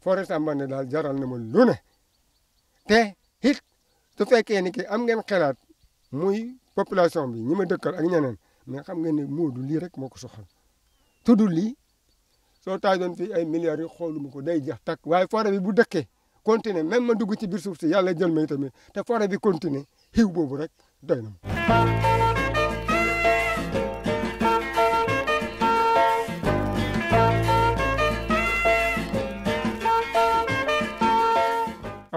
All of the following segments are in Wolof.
Forest Sambandé daal jaral na ma lu ne te it su fekkee ni ki am ngeen xalaat muy population bi ñi ma dëkkal ak ñeneen mais xam ngeen ne Moodu lii rek moo ko soxal tudd lii soo taajoon fii ay milliards yi xooluma ko day jeex takk waaye forêt bi bu dëkkee continuer même ma dugg ci biir suuf si yàlla jël may tamit te forêt bi continuer xiw boobu rek doy na ma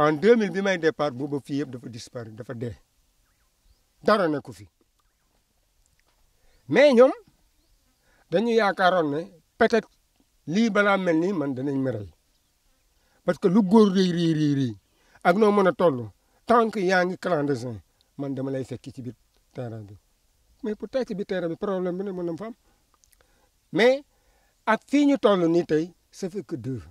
en 2000 bi ma may départ booba fii yëpp dafa disparu dafa dee dara nekku fi mais ñoom dañu yaakaaroon ne peut-être lii balaa mel ni man danañ ma rey parce que lu góor réy réy réy réy ak noo mën a toll tant que yaa ngi clandestin man dama lay fekki ci biir terrain bi mais pour tey ci biir terrain bi problème bi ne mën na mais ak fii ñu toll nii tey ça fait que deux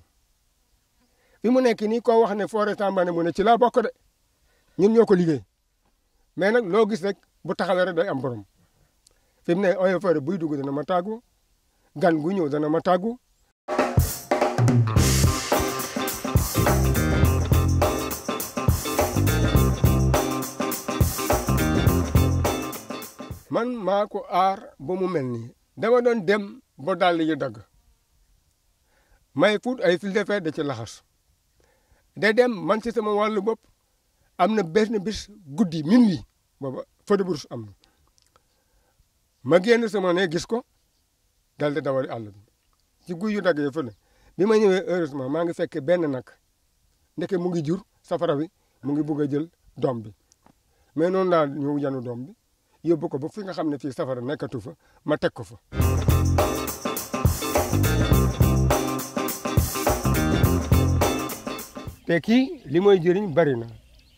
fi mu nekk nii koo wax ne forêt Tamba ne mu ne ci laa bokk de ñun ñoo ko liggéey mais nag loo gis rek bu taxawee rek day am borom fi mu ne eaux et buy dugg na ma tàggu gan gu ñëw dana ma tàggu. man maa ko aar ba mu mel ni dama doon dem ba dàll yi dagg may fuut ay fil de fer da ci laxas day dem man ci sama wàllu bopp am na benn bis guddi minuit booba feu am na ma génn sama ne gis ko dal di dawali àll bi ci guy yu dagg yi fële bi ma ñëwee heureusement maa ngi fekk benn nag ndeke mu ngi jur safara bi mu ngi bugg a jël doom bi mais noonu daal ñu yanu doom bi yóbbu ko ba fi nga xam ne fii safara nekkatu fa ma teg ko fa te kii li mooy jëriñ bari na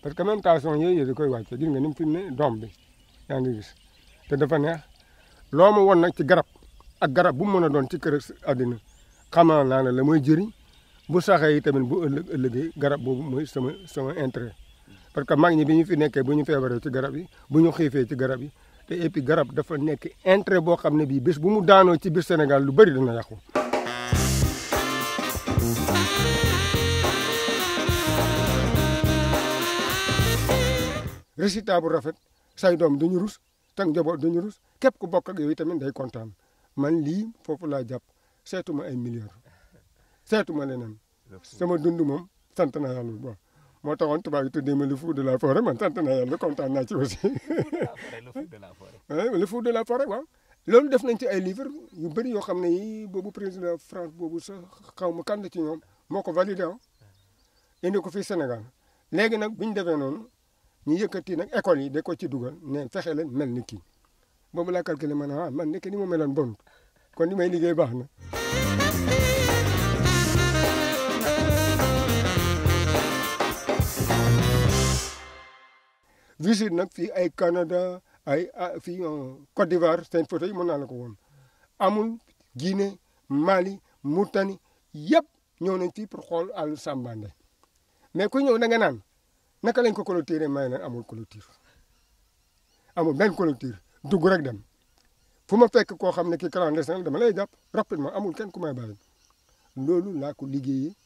parce que même tension yooyu da koy wàcce gis nga ni mu fi ne doom bi yaa ngi gis te dafa neex loo ma woon nag ci garab ak garab bu mu mën a doon ci kër àddina xamal naa ne la mooy jëriñ bu saxee yi tamit bu ëllëg ëllëgee garab boobu mooy sama sama intérêt parce que mag ñi bi ñu fi nekkee bu ñu feebaree ci garab yi bu ñu xiifee ci garab yi te et garab dafa nekk intérêt boo xam ne bii bés bu mu daanoo ci biir Sénégal lu bëri dina yàqu résultat bu rafet say doom duñu rus tang njaboot duñu rus képp ku bokk ak yow tamit day kontaan man lii foofu laa jàpp seetuma ay milliards seetuma leneen sama dund moom sant naa yàlla bu baax moo taxoon tubaab yi tuddee ma le fou de la forêt man sant naa yàlla kontaan naa ci aussi le fou de la forêt waaw loolu def nañ ci ay livre yu bëri yoo xam ne yi boobu président France boobu sa xaw ma kan la ci ñoom moo ko validé ah. indi ko fi Sénégal léegi nag defee ñu yëkkati nag école yi de ko ci dugal ne fexe leen mel ni kii boobu laa calculé ma ne ah man nekk ni ma meloon bon kon li may liggéey baax na. visite nag fii ay Canada ay ah, fii euh, Côte d'Ivoire seen photo yi mën naa la ko woon amul Guinée Mali Mauritanie yëpp ñoo nañ fii pour xool àll Sambandé mais ku ñëw da nga naan. naka lañ ko clôturer may na amul clôture amul benn clôture dugg rek dem fu ma fekk koo xam ne kii clandestin dama lay jàpp rapidement amul kenn ku may bàyyi loolu laa ko liggéeyee